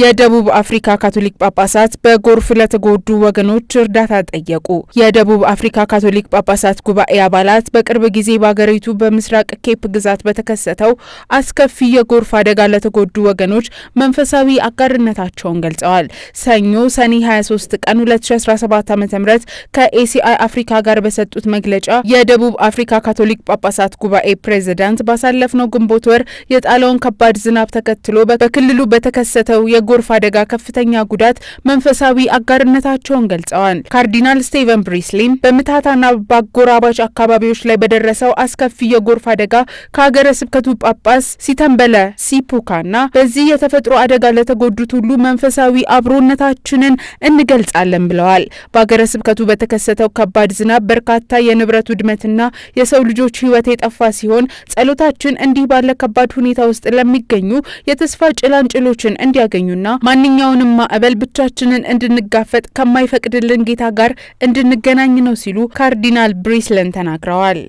የደቡብ አፍሪካ ካቶሊክ ጳጳሳት በጎርፍ ለተጎዱ ወገኖች እርዳታ ጠየቁ። የደቡብ አፍሪካ ካቶሊክ ጳጳሳት ጉባኤ አባላት በቅርብ ጊዜ በአገሪቱ በምስራቅ ኬፕ ግዛት በተከሰተው አስከፊ የጎርፍ አደጋ ለተጎዱ ወገኖች መንፈሳዊ አጋርነታቸውን ገልጸዋል። ሰኞ ሰኔ 23 ቀን 2017 ዓ ም ከኤሲአይ አፍሪካ ጋር በሰጡት መግለጫ የደቡብ አፍሪካ ካቶሊክ ጳጳሳት ጉባኤ ፕሬዚዳንት ባሳለፍነው ግንቦት ወር የጣለውን ከባድ ዝናብ ተከትሎ በክልሉ በተከሰተው በጎርፍ አደጋ ከፍተኛ ጉዳት መንፈሳዊ አጋርነታቸውን ገልጸዋል። ካርዲናል ስቴቨን ብሪስሊን በምታታና በአጎራባች አካባቢዎች ላይ በደረሰው አስከፊ የጎርፍ አደጋ ከሀገረ ስብከቱ ጳጳስ ሲተንበለ ሲፑካና በዚህ የተፈጥሮ አደጋ ለተጎዱት ሁሉ መንፈሳዊ አብሮነታችንን እንገልጻለን ብለዋል። በሀገረ ስብከቱ በተከሰተው ከባድ ዝናብ በርካታ የንብረት ውድመትና የሰው ልጆች ህይወት የጠፋ ሲሆን ጸሎታችን እንዲህ ባለ ከባድ ሁኔታ ውስጥ ለሚገኙ የተስፋ ጭላንጭሎችን እንዲያገኙ ነውና ማንኛውንም ማዕበል ብቻችንን እንድንጋፈጥ ከማይፈቅድልን ጌታ ጋር እንድንገናኝ ነው ሲሉ ካርዲናል ብሪስለን ተናግረዋል።